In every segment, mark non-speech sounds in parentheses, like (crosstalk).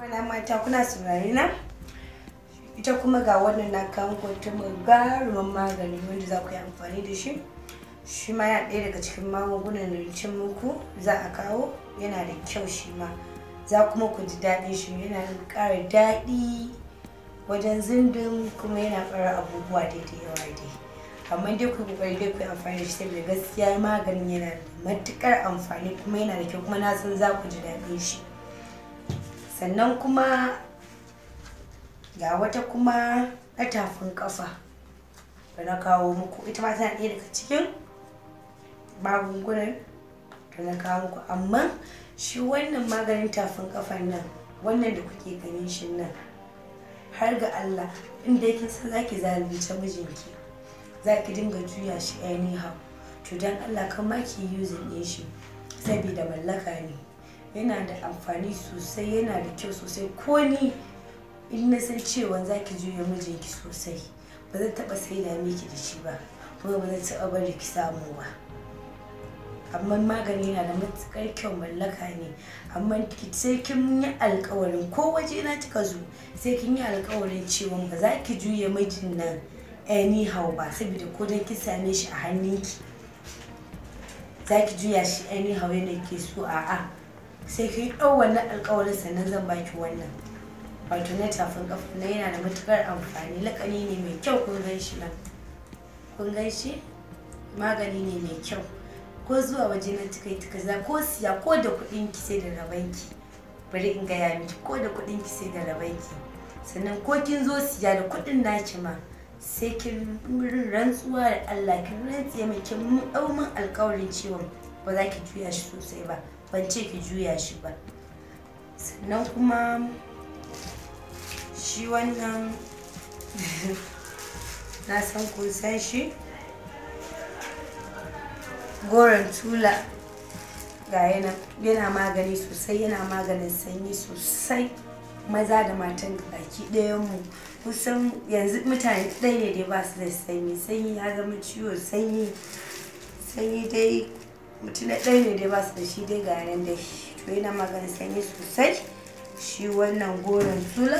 Mana mata kuna saurare na? Ita kuma ga wannan na kawo kwanta garuman magani wanda za ku yi amfani da shi. Shi ma yana ɗaya daga cikin magungunan da cin muku za a kawo yana da kyau shi ma. Za kuma ku ji daɗin shi yana ƙara daɗi wajen zindin kuma yana ƙara abubuwa daidai yawa dai. Amma dai ku kokari dai ku amfani da shi saboda gaskiya maganin yana da matuƙar amfani kuma yana da kyau kuma na san za ku ji daɗin shi. sannan kuma ga wata kuma na tafin kafa da na kawo muku ita ma tana ɗaya daga cikin magungunan da na kawo muku amma shi wannan maganin tafin kafa nan wannan da kuke ganin shi nan har ga Allah inda yake san zaki zalunce mijinki zaki dinga juya shi hau to don Allah kan ma ki using ɗin shi saboda mallaka ne yana da amfani sosai yana da kyau sosai ko ni in na san cewa za ki juya mijinki sosai ba zan taɓa saida miki da shi ba kuma ba zan taɓa bari ki samu ba amma magani yana da matuƙar kyau mallaka ne amma sai kin yi alƙawarin ko waje na kika zo sai kin yi alƙawarin cewa ba za ki juya mijin nan anyhow ba saboda ko dan ki same shi a hannunki za ki juya shi anyhow yadda ke so a'a sai kai ɗau wannan alƙawarin sannan zan baki wannan wato na tafin ƙafa na yana da matuƙar amfani laƙani ne mai kyau kun gan shi nan kun gan shi magani ne mai kyau ko zuwa waje na tukai tuka za ko siya ko da kuɗin ki sai da rabanki bari in gaya miki ko da kuɗin ki sai da rabanki sannan ko kin zo siya da kuɗin naki ma sai kin rantsuwa da Allah kin rantse mai kin mun alƙawarin cewa ba za ki juya shi sosai ba ban ce ki juya shi ba sannan kuma shi wannan (laughs) na san kun san shi goron tula ga yana yana magani sosai yana maganin sanyi sosai maza da matan baki mu kusan yanzu mutane ɗaya ne dai ba su da sanyi sanyi ya zama ciwo sanyi sanyi dai mutuna ɗaya ne dai ba su da shi dai ga yaren dai to yana maganin sanyi sosai shi wannan goron tula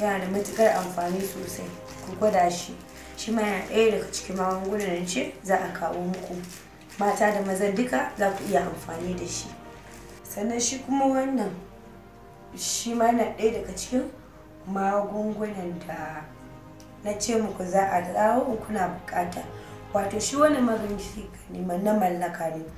yana da matukar amfani sosai ku gwada shi shi ma yana ɗaya daga cikin magungunan ce za a kawo muku mata da maza duka za ku iya amfani da shi sannan shi kuma wannan shi ma yana ɗaya daga cikin magungunan da na ce muku za a dawo kuna bukata wato shi wani magani na mallaka ne